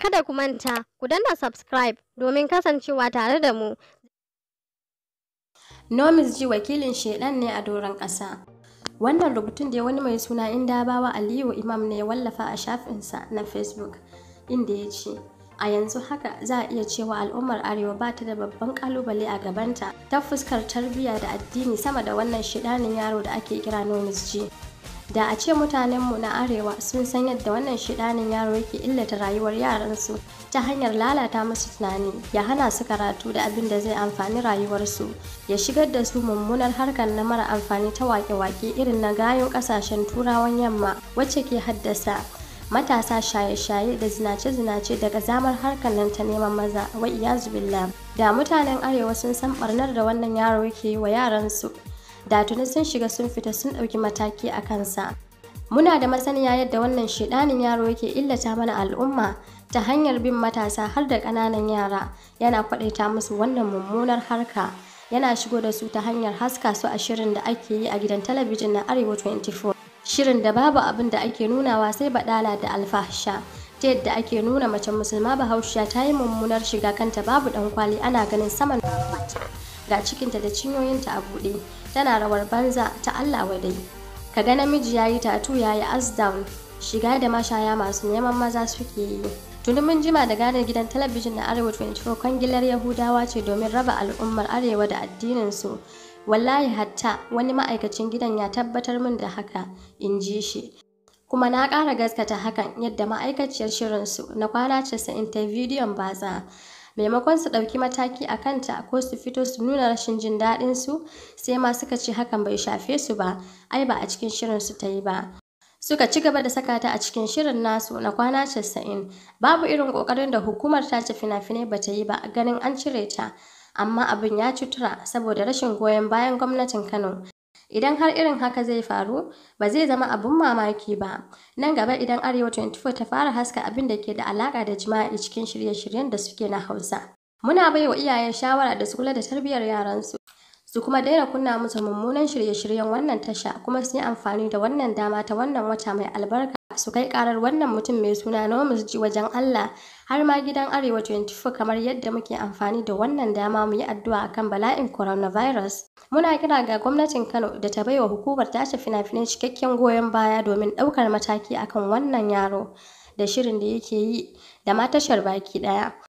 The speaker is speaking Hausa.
Kada ku manta, ku danna subscribe domin kasancewa tare da mu. Nomis ji wakilin shedan ne a doron ƙasa. Wannan rubutun da wani mai suna Indabawa Aliyu Imam ne ya wallafa a shafinsa na Facebook, inda ya ce, a yanzu haka za a iya cewa al'ummar arewa ba ta da babban kalubale a gabanta ta fuskar tarbiyya da addini sama da wannan shidanin yaro da ake kira nomis ji da a ce mutanenmu na arewa sun san yadda wannan shidanin yaro yake illata rayuwar yaransu ta hanyar lalata musu tunani ya hana su karatu da abin da zai amfani rayuwarsu ya shigar da su mummunar harkar na mara amfani ta wake-wake irin na gayon kasashen turawan yamma wacce ke haddasa matasa shaye-shaye da zinace-zinace daga zamar harkar nan ta neman maza wa iyazu da mutanen arewa sun san barnar da wannan yaro yake yi wa yaransu da tuni sun shiga sun fita sun ɗauki mataki a kansa. Muna da masaniya yadda wannan shiɗanin yaro yake illata mana al'umma ta hanyar bin matasa har da ƙananan yara yana kwaɗaita musu wannan mummunar harka yana shigo da su ta hanyar haska su a shirin da ake yi a gidan talabijin na Arewa 24. Shirin da babu abin da ake nunawa sai baɗala da alfahsha. ta yadda ake nuna mace musulma bahaushiya ta yi mummunar shiga kanta babu ɗankwali ana ganin saman ga cikinta da cinyoyinta a buɗe tana rawar banza ta Allah wadai. ga namiji ya yi tatu ya yi as down, shiga da mashaya masu neman maza suke yi. Tuni mun jima da ganar gidan talabijin na Arewa 24 kwangilar Yahudawa ce domin raba al'ummar Arewa da addininsu. Wallahi hatta wani ma'aikacin gidan ya tabbatar min da haka, in ji shi. Kuma na ƙara gaskata hakan yadda ma'aikaciyar shirinsu na kwana 90 ta bidiyon batsa. maimakon su ɗauki mataki a kanta ko su fito su nuna rashin jin daɗin su sai ma suka ce hakan bai shafe su ba ai ba a cikin shirin su ta yi ba suka ci gaba da saka ta a cikin shirin nasu na kwana casa'in babu irin ƙoƙarin da hukumar ta ce fina-finai ba ta yi ba ganin an cire ta amma abin ya cutura saboda rashin goyon bayan gwamnatin Kano Idan har irin haka zai faru, ba zai zama abun mamaki ba. Nan gaba idan Arewa 24 ta fara haska abin da ke da alaka da jima'i cikin shirye-shiryen da suke na Hausa. Muna bai wa iyayen shawara da su kula da tarbiyyar yaransu. su kuma daina kunna musu mummunan shirye-shiryen wannan tasha kuma su yi amfani da wannan dama ta wannan wata mai albarka su kai karar wannan mutum mai suna na ji wajen Allah har ma gidan Arewa 24 kamar yadda muke amfani da wannan dama mu yi addu'a akan bala'in coronavirus. Muna kira ga gwamnatin Kano da ta baiwa hukumar tace fina-finai cikakken goyon baya domin ɗaukar mataki akan wannan yaro da shirin da yake yi da ma tashar baki ɗaya.